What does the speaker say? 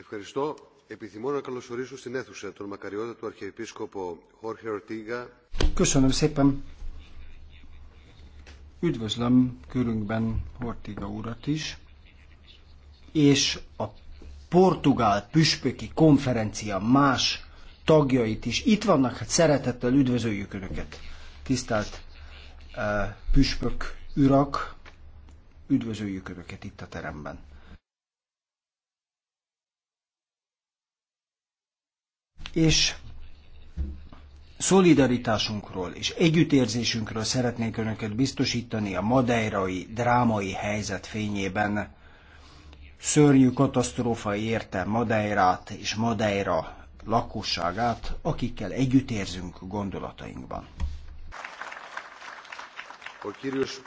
Ευχαριστώ. Επιθυμώ να καλωσορίσω στην αίθουσα τον μακαριότατο Αρχιεπίσκοπο Χόρχε Ορτίγα. Köszönöm szépen. Üdvözlöm körünkben Hortiga urat is, és a Portugál Püspöki Konferencia más tagjait is. Itt vannak, hát szeretettel üdvözöljük Önöket. Tisztelt uh, Püspök Urak, üdvözöljük Önöket itt a teremben. és szolidaritásunkról és együttérzésünkről szeretnék önöket biztosítani a madeirai drámai helyzet fényében. Szörnyű katasztrófa érte Madeirát és Madeira lakosságát, akikkel együttérzünk gondolatainkban.